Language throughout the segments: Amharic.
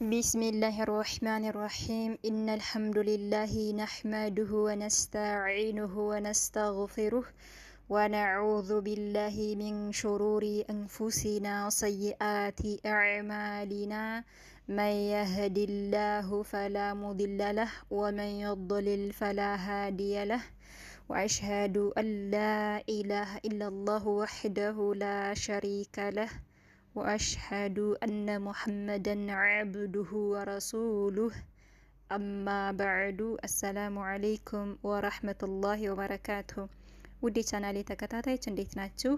بسم الله الرحمن الرحيم إن الحمد لله نحمده ونستعينه ونستغفره ونعوذ بالله من شرور أنفسنا وسيئات أعمالنا من يهد الله فلا مضل له ومن يضلل فلا هادي له وأشهد أن لا إله إلا الله وحده لا شريك له وأشهد أن محمدا عبده ورسوله أما بعد السلام عليكم ورحمة الله وبركاته ودي ቻናሌ ተከታታዮች እንዴት ናችሁ?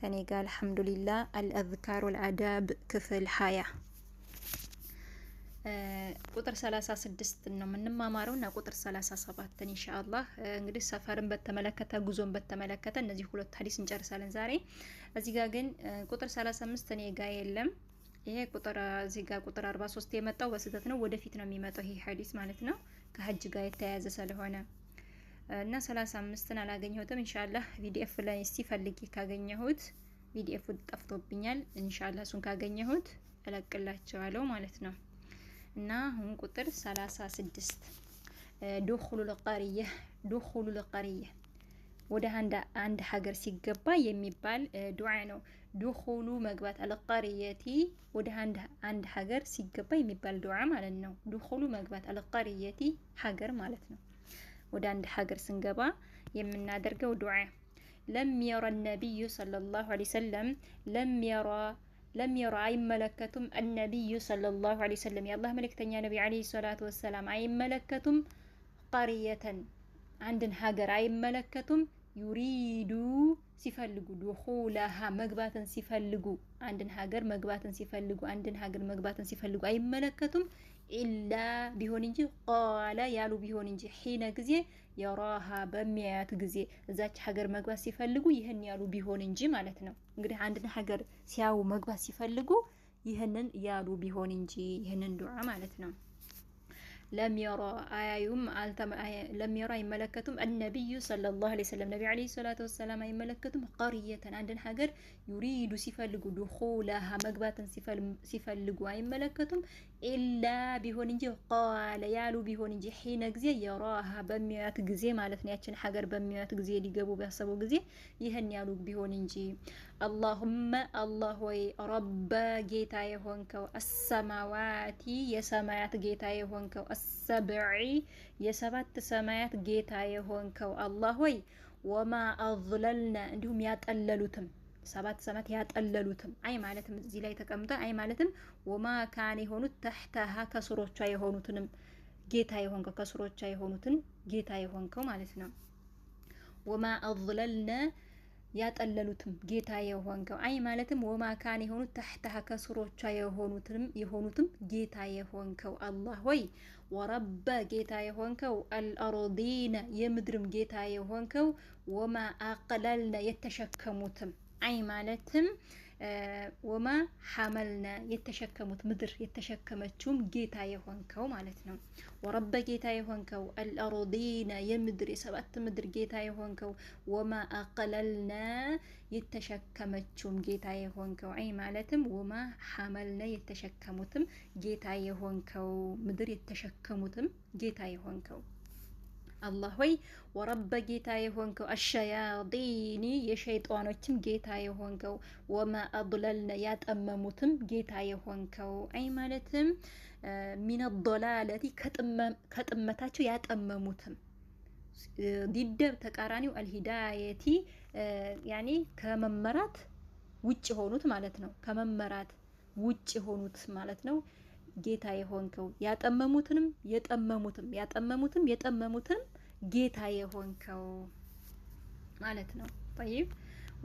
ከኔ ጋር አልሐምዱሊላህ አልአዝካሩ አልአዳብ ክፍል ሀያ ቁጥር 36 ነው የምንማማረው እና ቁጥር 37ን ኢንሻአላህ እንግዲህ ሰፈርን በተመለከተ ጉዞን በተመለከተ እነዚህ ሁለት ሀዲስ እንጨርሳለን ዛሬ። እዚህ ጋር ግን ቁጥር 35 እኔ ጋር የለም። ይሄ ቁጥር እዚህ ጋር ቁጥር 43 የመጣው በስህተት ነው። ወደፊት ነው የሚመጣው ይሄ ሀዲስ ማለት ነው ከሀጅ ጋር የተያያዘ ስለሆነ እና 35ን አላገኘሁትም። ኢንሻአላህ ቪዲኤፍ ላይ እስቲ ፈልጌ ካገኘሁት ቪዲኤፍ ጠፍቶብኛል። ኢንሻአላህ እሱን ካገኘሁት እለቅላቸዋለሁ ማለት ነው። እና አሁን ቁጥር 36 ዱኹሉ ልቀርየ ዱኹሉ ልቀርየ ወደ አንድ ሀገር ሲገባ የሚባል ዱዓ ነው። ዱኹሉ መግባት፣ አልቀሪየቲ ወደ አንድ ሀገር ሲገባ የሚባል ዱዓ ማለት ነው። ዱኹሉ መግባት፣ አልቀሪየቲ ሀገር ማለት ነው። ወደ አንድ ሀገር ስንገባ የምናደርገው ዱዓ ለም የራ ነቢዩ ሰለላሁ ዐለይሂ ወሰለም ለም የራ ለሚራ አይመለከቱም። አነቢዩ ሰለላሁ ዐለይሂ ወሰለም የአላህ መልእክተኛ ነቢ ዐለይሂ ሰላቱ ወሰላም አይመለከቱም። ቀርየተን አንድን ሀገር አይመለከቱም። ዩሪዱ ሲፈልጉ ዱኹላሃ መግባትን ሲፈልጉ አንድን ሀገር መግባትን ሲፈልጉ አንድን ሀገር መግባትን ሲፈልጉ አይመለከቱም። ኢላ ቢሆን እንጂ ቃለ ያሉ ቢሆን እንጂ ሒነ ጊዜ የራሃ በሚያያት ጊዜ እዛች ሀገር መግባት ሲፈልጉ ይህን ያሉ ቢሆን እንጂ ማለት ነው። እንግዲህ አንድን ሀገር ሲያዩ መግባት ሲፈልጉ ይህንን ያሉ ቢሆን እንጂ ይህንን ዱዓ ማለት ነው። ለሚራ አያዩም ለሚራ አይመለከቱም። አነቢዩ ሰለላሁ ዐለይሂ ወሰለም ነቢ ዐለይሂ ሰላቱ ወሰላም አይመለከቱም። ቀርየተን አንድን ሀገር ዩሪዱ ሲፈልጉ ድኹለሃ መግባትን ሲፈልጉ አይመለከቱም። ኢላ ቢሆን እንጂ ቃለ ያሉ ቢሆን እንጂ ሒነ ጊዜ የራሃ በሚያዩት ጊዜ ማለት ነው። ያችን ሀገር በሚያዩት ጊዜ ሊገቡ ቢያሰቡ ጊዜ ይህን ያሉ ቢሆን እንጂ አላሁመ አላህ ወይ ረበ ጌታ የሆንከው አሰማዋቲ የሰማያት ጌታ የሆንከው አሰብዒ የሰባት ሰማያት ጌታ የሆንከው አላህ ወይ ወማ አዝለልና እንዲሁም ያጠለሉትም ሰባት ሰማት ያጠለሉትም አይ ማለትም እዚህ ላይ ተቀምጠ አይ ማለትም ወማ ካን የሆኑት ተህተሃ ከስሮቿ የሆኑትንም ጌታ የሆንከው ከስሮቿ የሆኑትን ጌታ የሆንከው ማለት ነው። ወማ አዝለልነ ያጠለሉትም ጌታ የሆንከው አይ ማለትም ወማ ካን የሆኑት ተህተሃ ከስሮቿ የሆኑትንም የሆኑትም ጌታ የሆንከው አላህ ወይ ወረበ ጌታ የሆንከው አልአርዲነ የምድርም ጌታ የሆንከው ወማ አቅለልነ የተሸከሙትም አይ ማለትም ወማ ሐመልና የተሸከሙት ምድር የተሸከመችውም ጌታ የሆንከው ማለት ነው። ወረበ ጌታ የሆንከው አልአርዲና የምድር የሰባት ምድር ጌታ የሆንከው ወማ አቀለልና የተሸከመችውም ጌታ የሆንከው አይ ማለትም ወማ ሐመልና የተሸከሙትም ጌታ የሆንከው ምድር የተሸከሙትም ጌታ የሆንከው አላህ ሆይ ወረበ ጌታ የሆንከው አሸያጢኒ የሸይጣኖችም ጌታ የሆንከው ወማ አድለልነ ያጠመሙትም ጌታ የሆንከው አይ ማለትም ሚነ ዶላለቲ ከጥመታቸው ያጠመሙትም ዲደብ ተቃራኒው አልሂዳየቲ ያኔ ከመመራት ውጭ ሆኑት ማለት ነው። ከመመራት ውጭ ሆኑት ማለት ነው። ጌታ የሆንከው ያጠመሙትንም የጠመሙትም ያጠመሙትም የጠመሙትንም። ጌታ የሆንከው ማለት ነው። ጠይብ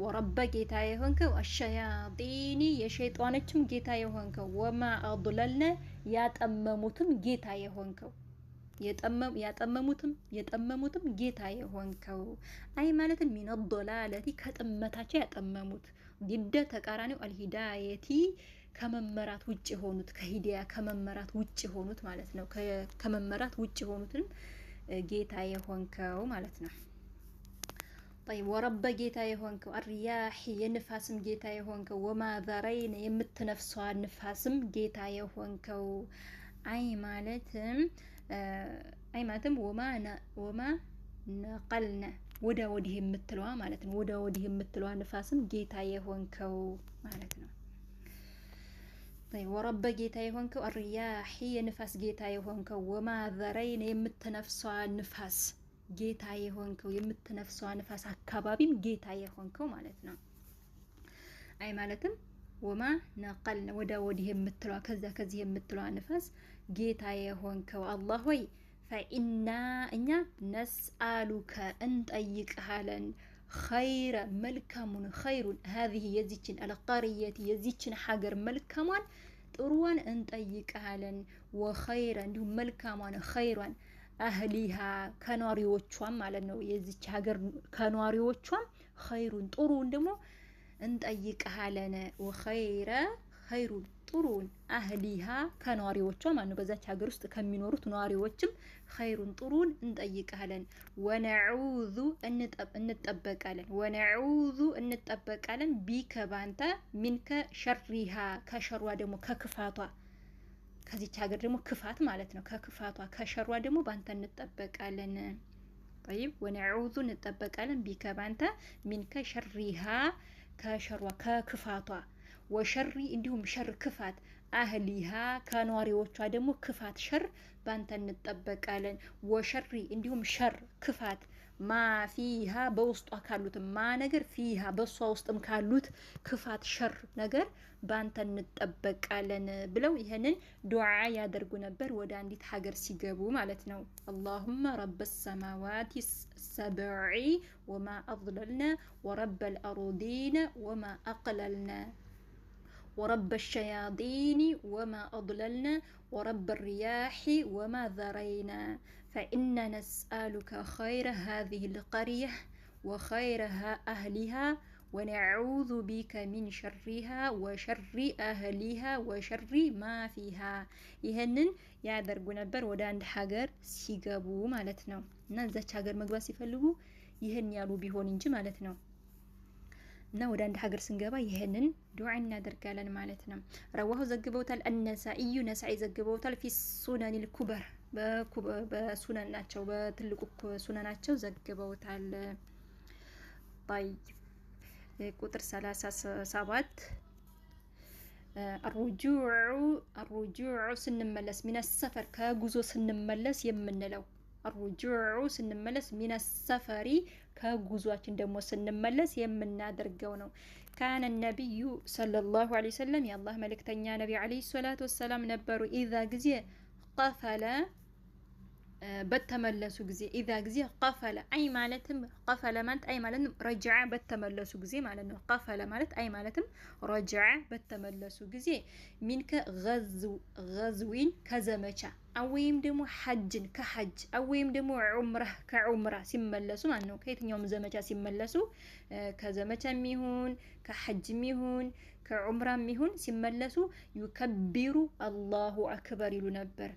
ወረበ ጌታ የሆንከው አሸያጢኒ የሸይጣኖችም ጌታ የሆንከው ወማ አድለልነ ያጠመሙትም ጌታ የሆንከው ያጠመሙትም የጠመሙትም ጌታ የሆንከው አይ ማለትን ሚን ዶላለቲ ከጥመታቸው ያጠመሙት ዲደ ተቃራኒው አልሂዳየቲ ከመመራት ውጭ የሆኑት ከሂዲያ ከመመራት ውጭ የሆኑት ማለት ነው። ከመመራት ውጭ የሆኑትንም ጌታ የሆንከው ማለት ነው። ጠይብ ወረበ ጌታ የሆንከው አርያሒ የንፋስም ጌታ የሆንከው ወማዘረይን የምትነፍሷ ንፋስም ጌታ የሆንከው አይ ማለትም አይ ማለትም ወማ ነቀልነ ወደ ወዲህ የምትለዋ ማለት ነው። ወደ ወዲህ የምትለዋ ንፋስም ጌታ የሆንከው ማለት ነው። ወረበ ጌታ የሆንከው ሪያሒ የንፋስ ጌታ የሆንከው ወማዘረይን የምትነፍሷ ንፋስ ጌታ የሆንከው የምትነፍሷ ንፋስ አካባቢም ጌታ የሆንከው ማለት ነው። አይ ማለትም ወማ ነቀል ወደ ወዲህ የምትለዋ ከዛ ከዚህ የምትለዋ ንፋስ ጌታ የሆንከው አላህ ሆይ ፈኢና እኛ ነስአሉከ እንጠይቅሃለን ኸይረ መልካሙን ኸይሩን ሀዚህ የዚችን አልቃርየት የዚችን ሀገር መልካሟን ጥሩዋን እንጠይቃለን። ወኸይረ እንዲሁም መልካሟን ኸይሯን አህሊሃ ከኗሪዎቿም ማለት ነው። የዚች ሀገር ከኗሪዎቿም ኸይሩን ጥሩውን ደግሞ እንጠይቃለን ወኸይረ ኸይሩን ጥሩን አህሊሃ ከነዋሪዎቿ ማነው በዛች ሀገር ውስጥ ከሚኖሩት ነዋሪዎችም ኸይሩን ጥሩን እንጠይቃለን። ወነዑዙ እንጠበቃለን። ወነዑዙ እንጠበቃለን። ቢከ ባንተ ሚንከ ሸሪሃ ከሸሯ ደግሞ ከክፋቷ ከዚች ሀገር ደግሞ ክፋት ማለት ነው። ከክፋቷ ከሸሯ ደግሞ ባንተ እንጠበቃለን። ጠይብ ወነዑዙ እንጠበቃለን። ቢከ ባንተ ሚንከ ሸሪሃ ከሸሯ ከክፋቷ ወሸሪ እንዲሁም ሸር ክፋት አህሊሃ ከኗሪዎቿ ደግሞ ክፋት ሸር ባንተ እንጠበቃለን። ወሸሪ እንዲሁም ሸር ክፋት ማ ፊሃ በውስጧ ካሉት ማ ነገር ፊሃ በእሷ ውስጥም ካሉት ክፋት ሸር ነገር ባንተ እንጠበቃለን ብለው ይህንን ዱዓ ያደርጉ ነበር ወደ አንዲት ሀገር ሲገቡ ማለት ነው። አላሁመ ረበ ሰማዋት ሰብዒ ወማ አضለልነ ወረብ ልአሩዲነ ወማ አቅለልነ ورب الشياطين وما أضللنا ورب الرياح وما ذرينا فإنا نسألك خير هذه القرية وخيرها أهلها ونعوذ بك من شرها وشر أهلها وشر ما فيها يهنن يا يعذر نبر ودان حجر سيجابو مالتنا نزت حجر مقباسي فلو يهن ያሉ ቢሆን እንጂ ማለት እና ወደ አንድ ሀገር ስንገባ ይህንን ዱዓ እናደርጋለን ማለት ነው። ረዋሁ ዘግበውታል። እነሳኢዩ ነሳኢ ዘግበውታል። ፊ ሱነኒል ኩበር በሱነናቸው በትልቁ ሱነናቸው ዘግበውታል። ይብ ቁጥር 37 አሩጁዑ ስንመለስ ሚነ ሰፈር ከጉዞ ስንመለስ የምንለው አሩጁዑ ስንመለስ ሚነ ሰፈሪ ከጉዟችን ደግሞ ስንመለስ የምናደርገው ነው። ካነ ነቢዩ ሰለላሁ ዐለይሂ ወሰለም የአላህ መልእክተኛ ነቢ ዐለይሂ ሰላቱ ወሰላም ነበሩ ኢዛ ጊዜ ቀፈለ በተመለሱ ጊዜ ኢዛ ጊዜ ቀፈለ አይ ማለትም ቀፈለ ማለት አይ ማለትም ረጅዐ በተመለሱ ጊዜ ማለት ነው። ቀፈለ ማለት አይ ማለትም ረጅዐ በተመለሱ ጊዜ ሚንከ ገዝዊን ከዘመቻ አወይም ደግሞ ሐጅን ከሐጅ አወይም ደግሞ ዑምራ ከዑምራ ሲመለሱ ማለት ነው። ከየትኛውም ዘመቻ ሲመለሱ ከዘመቻ ሚሆን ከሐጅ ሚሆን ከዑምራ የሚሆን ሲመለሱ ዩከቢሩ አላሁ አክበር ይሉ ነበር።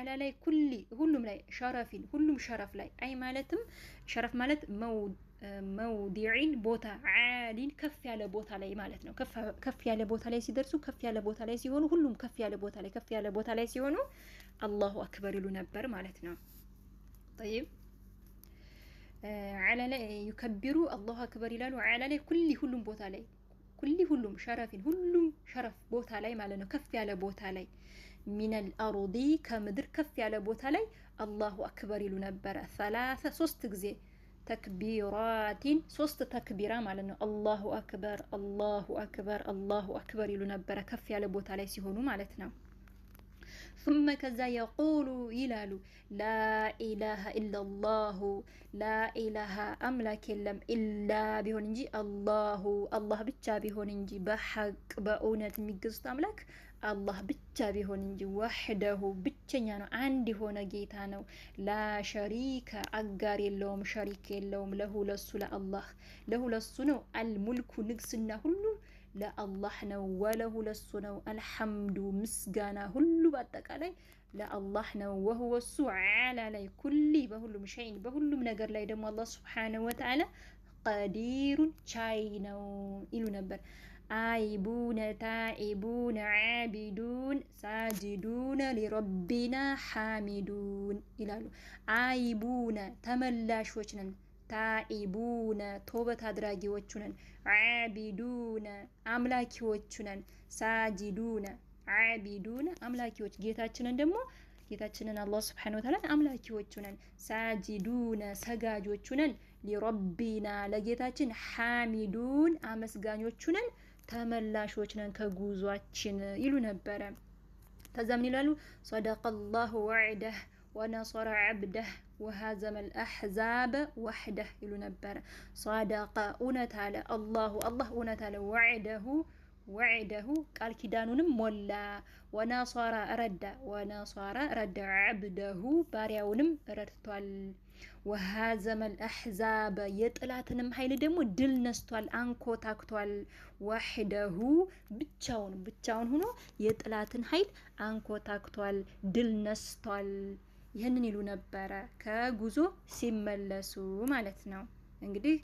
አላ ላይ ኩሊ ሁሉም ላይ ሸረፊን ሁሉም ሸረፍ ላይ አይ ማለትም ሸረፍ ማለት መውዲዒን ቦታ ዓሊን ከፍ ያለ ቦታ ላይ ማለት ነው። ከፍ ያለ ቦታ ላይ ሲደርሱ ከፍ ያለ ቦታ ላይ ሲሆኑ ሁሉም ከፍ ያለ ቦታ ላይ ከፍ ያለ ቦታ ላይ ሲሆኑ አላሁ አክበር ይሉ ነበር ማለት ነው። ጠይብ ዓላ ላይ ዩከቢሩ አላሁ አክበር ይላሉ። ዓላ ላይ ኩሊ ሁሉም ቦታ ላይ ኩሊ ሁሉም ሸረፊን ሁሉም ሸረፍ ቦታ ላይ ማለት ነው። ከፍ ያለ ቦታ ላይ ሚነል አሩዲ ከምድር ከፍ ያለ ቦታ ላይ አላሁ አክበር ይሉ ነበረ። ሰላሰ ሶስት ጊዜ ተክቢራቲን ሶስት ተክቢራ ማለት ነው። አላሁ አክበር፣ አላሁ አክበር፣ አላሁ አክበር ይሉ ነበረ ከፍ ያለ ቦታ ላይ ሲሆኑ ማለት ነው። ثم ከዛ የቁሉ ይላሉ ላኢላሃ ኢላሃ ኢላላሁ ላ አምላክ የለም ኢላ ቢሆን እንጂ አላሁ አላህ ብቻ ቢሆን እንጂ በሐቅ በእውነት የሚገዙት አምላክ አላህ ብቻ ቢሆን እንጂ ወህደሁ ብቸኛ ነው፣ አንድ የሆነ ጌታ ነው። ላ ሸሪከ አጋር የለውም፣ ሸሪክ የለውም። ለሁ ለሱ ለአላህ ለሁ ለሱ ነው። አልሙልኩ ንግስና ሁሉ ለአላህ ነው። ወለሁ ለሱ ነው። አልሐምዱ ምስጋና ሁሉ በአጠቃላይ ለአላህ ነው። ወሁወ እሱ ዓላ ላይ ኩሊ በሁሉም ሸይን በሁሉም ነገር ላይ ደግሞ አላህ ስብሓነሁ ወተዓላ ቀዲሩን ቻይ ነው ይሉ ነበር። አይቡነ ታኢቡነ ዓቢዱን ሳጅዱነ ሊረቢና ሓሚዱን ይላሉ። አይቡነ ተመላሾች ነን፣ ታኢቡነ ቶበት አድራጊዎቹ ነን፣ ዓቢዱነ አምላኪዎቹ ነን፣ ሳጅዱነ ዓቢዱነ አምላኪዎች ጌታችንን ደግሞ ጌታችንን አላህ ስብሐነሁ ወተዓላ አምላኪዎቹ ነን፣ ሳጅዱነ ሰጋጆቹ ነን፣ ሊረቢና ለጌታችን፣ ሓሚዱን አመስጋኞቹ ነን ተመላሾች ነን ከጉዟችን ይሉ ነበረ። ከዛ ምን ይላሉ? ሰደቀ ላሁ ወዕደህ ወነሰረ ዐብደህ ወሃዘመል አሕዛበ ወሕደህ ይሉ ነበረ። ሰደቀ እውነት አለ አላሁ አላህ እውነት አለ ወዕደሁ ወዕደሁ ቃል ኪዳኑንም ሞላ። ወናሷራ ረዳ ወናሷራ ረዳ ዓብደሁ ባሪያውንም ረድቷል። ወሃዘመል አሕዛበ የጥላትንም ኃይል ደግሞ ድል ነስቷል፣ አንኮታክቷል። ዋሕደሁ ብቻውን ብቻውን ሆኖ የጥላትን ኃይል አንኮታክቷል፣ ድል ነስቷል። ይህንን ይሉ ነበረ ከጉዞ ሲመለሱ ማለት ነው። እንግዲህ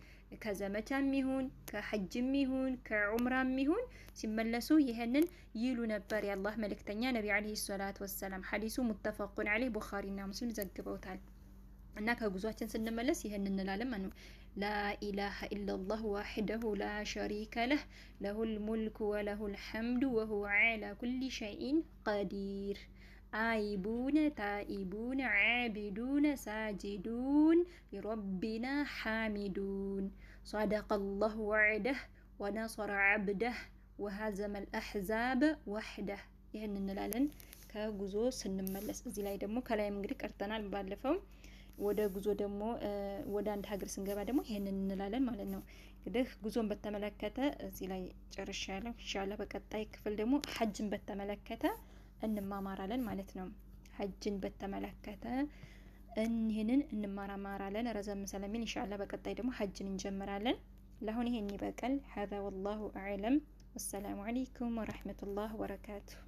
ከዘመቻም ይሁን ከሐጅም ይሁን ከዑምራም ይሁን ሲመለሱ ይህንን ይሉ ነበር የአላህ መልእክተኛ ነቢ አለይሂ ሰላቱ ወሰላም። ሐዲሱ ሙተፈቁን አለይህ ቡኻሪና ሙስሊም ዘግበውታል። እና ከጉዟችን ስንመለስ ይህን እንላለን ማለት ነው። ላኢላሀ ኢላላህ ዋሕደሁ ላ ሸሪከ ለህ ለሁል ሙልኩ ወለሁል ሐምዱ ወሁወ ዓላ ኩሊ ሸይኢን ቀዲር አይቡነ ታኢቡነ ዓቢዱነ ሳጅዱን ሊረቢና ሓሚዱን صدق الله وعده ወነሰረ ዓብደህ ወሃዘመል አሕዛብ ወሕደህ ይህን እንላለን ከጉዞ ስንመለስ። እዚህ ላይ ደግሞ ከላይም እንግዲህ ቀርተናል ባለፈው። ወደ ጉዞ ደግሞ ወደ አንድ ሀገር ስንገባ ደግሞ ይህንን እንላለን ማለት ነው። እንግዲህ ጉዞን በተመለከተ እዚህ ላይ ጨርሻለሁ። ኢንሻላህ በቀጣይ ክፍል ደግሞ ሀጅን በተመለከተ እንማማራለን ማለት ነው። ሀጅን በተመለከተ እኒህንን እንማራማራለን። ረዘም ስለሚል ኢንሻአላ በቀጣይ ደግሞ ሀጅን እንጀምራለን። ለአሁን ይሄን ይበቃል። ሀዛ ወላሁ አዕለም። ወሰላሙ አለይኩም ወረህመቱላህ ወበረካቱሁ